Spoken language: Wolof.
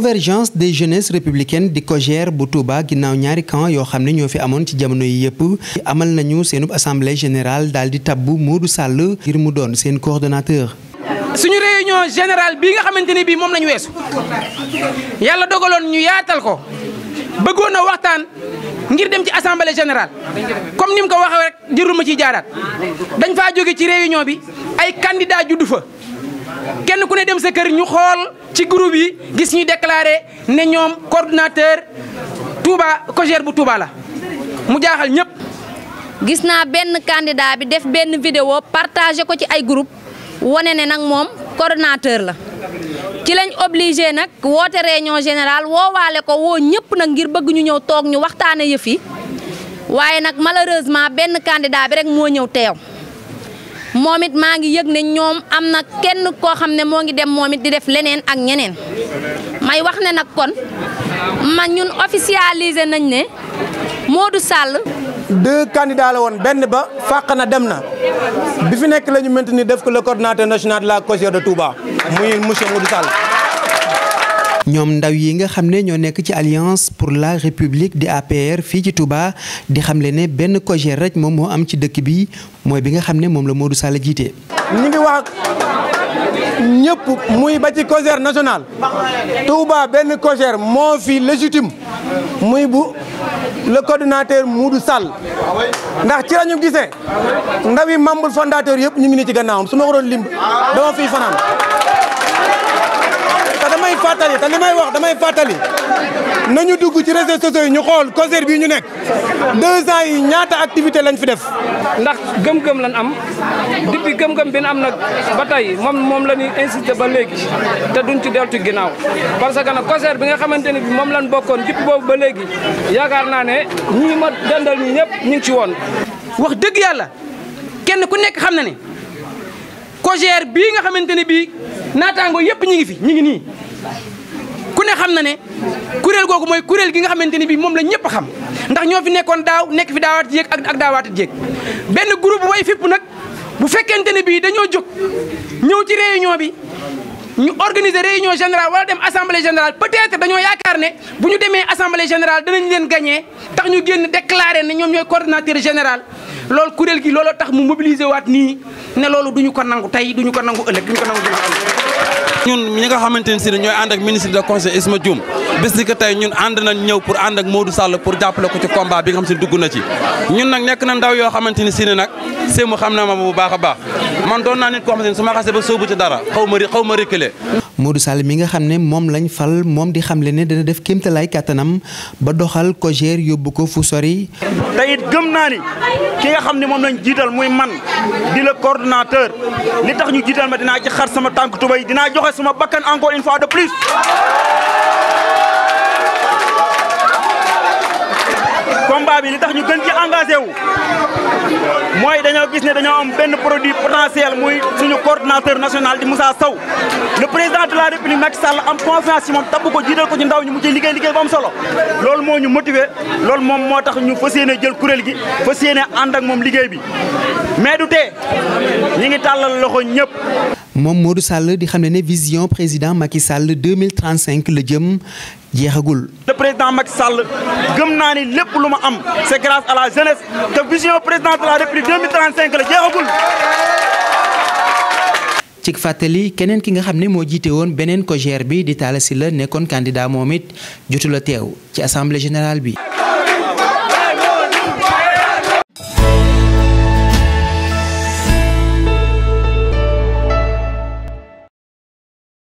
convergence des jeunesses républicaines di COJER bu Touba ginnaaw ñaari camp yoo xam ne ñoo fi amoon ci jamono yi yëpp amal nañu seenub assemblée générale daal di tabbu Modou sàll ngir mu doon seen coordonnateur. suñu réunion générale bii nga xamante ne bii moom lañu weesu yàlla dogaloon ñu yaatal ko bëggoon waxtaan ngir dem ci assemblée générale comme ni mu ko waxee rek jëruma ciy jaaraat dañ faa jóge ci réunion bi ay candidats juddu fa. kenn ku ne dem sa kër ñu xool ci groupe yi gis ñu déclaré ne ñoom coordinateur Touba cogère bu Touba la mu jaaxal ñëpp. gis naa benn candidat bi def benn vidéo partagé ko ci ay groupe wane ne nag moom coordinateur la ci lañ obligé nag woote réunion générale woowaale ko woo ñëpp nag ngir bëgg ñu ñëw toog ñu waxtaane yëf yi waaye nag malheureusement benn candidat bi rek moo ñëw teew. moom it maa ngi yëg ne ñoom am na kenn koo xam ne moo ngi dem moom it di def leneen ak ñeneen may wax ne nag kon ma ñun officialiser nañ ne moo Modou Sall. deux candidats la woon benn ba fàq na dem na bi fi nekk la ñu maintenir def ko la coordonnateur national de la COJER de Touba muy monsieur Modou Sall. ñoom ndaw yi nga xam ne ñoo nekk ci alliance pour la république di APR fii ci Touba di xam xamle ne benn COJER rek moom moo am ci dëkk bi mooy bi nga xam ne moom la Modou Sall jiite. ñu ngi wax ñëpp muy ba ci COJER national Touba benn COJER moo fi légitime muy bu le coordinateur Modou Sall ndax ci lañu gisee ndawi membre fondateur yëpp ñu ngi ni ci gannaawam su ma waroon lim dama fiy fanaan. fàttali te li may wax damay fàttali nañu dugg ci réseaux sociaux yi ñu xool concert bii ñu nekk deux ans yi ñaata activité lañ fi def. ndax gëm-gëm lañ am depuis gëm-gëm bi ñu am nag ba tey moom moom la ñuy insisté ba léegi te duñ ci deltu ginnaaw parce que nag concert bi nga xamante ni bi moom lañu bokkoon jip boobu ba léegi yaakaar naa ne ñii ma dandal ñi ñëpp ñu ngi ci woon. wax dëgg yàlla kenn ku nekk xam na ne COJER bii nga xamante ne bii naataango yëpp ñu ngi fi ñu ngi nii. ku ne xam na ne kuréel googu mooy kuréel gi nga xamante ni bii moom la ñëpp xam ndax ñoo fi nekkoon daaw nekk fi daawaati jéeg ak ak daawaati jéeg benn groupe way fipp nag bu fekkente ne bii dañoo jóg ñëw ci réunion bi ñu organiser réunion générale wala dem assemblée générale peut-être dañoo yaakaar ne bu ñu demee assemblée générale danañ leen gagné tax ñu génn déclaré ne ñoom ñooy coordinateur général lool kuréel gi looloo tax mu mobiliser waat nii ne loolu duñu ko nangu tey duñu ko nangu ëllëg ñun ñi nga xamante ne si ne ñooy ànd ak ministre de conseil Isma Dioum bés ni que ñun ànd nañ ñëw pour ànd ak Modou Sall pour jàppale ko ci combat bi nga xam si dugg na ci ñun nag nekk na ndaw yoo xamante ni si ne nag séemu xam na ma bu baax a baax man doon naa nit koo xam ne su ma xasee ba sóobu ci dara xaw ma xaw ma reculer. Modou mi nga xam ne moom lañ fal moom di xamle ne dina def kéemtalaay kàttanam ba doxal ko géer yóbbu ko fu sori. te gëm naa ni ki nga xam ne moom lañ jiital muy man di la coordonnateur li tax ñu jiital ma dinaa ci sama tànk tubay dinaa joxe sama bakkan encore fois de plus. combat bi li tax ñu gën ci engagé wu mooy dañoo gis ne dañoo am benn produit potentiel muy suñu coordinateur national di Moussa Sow le président de la république Macky Sall am confiance ci moom tabb ko jiital ko ci ndaw ñu mu ci liggéey liggéey bu am solo loolu moo ñu motivé loolu moom moo tax ñu fas yéene jël kuréel gi fas yéene ànd ak moom liggéey bi mais du tee ñi ngi tàllal loxo ñëpp moom Modou Sall di xam ne ne vision président Macky Sall 2035 la jëm jeexagul. le président Macky lu ma am c' fàttali keneen ki nga xam ne moo jiite woon beneen cogère bi di Talla la nekkoon candidat moom it jotu la teew ci assemblée général bi.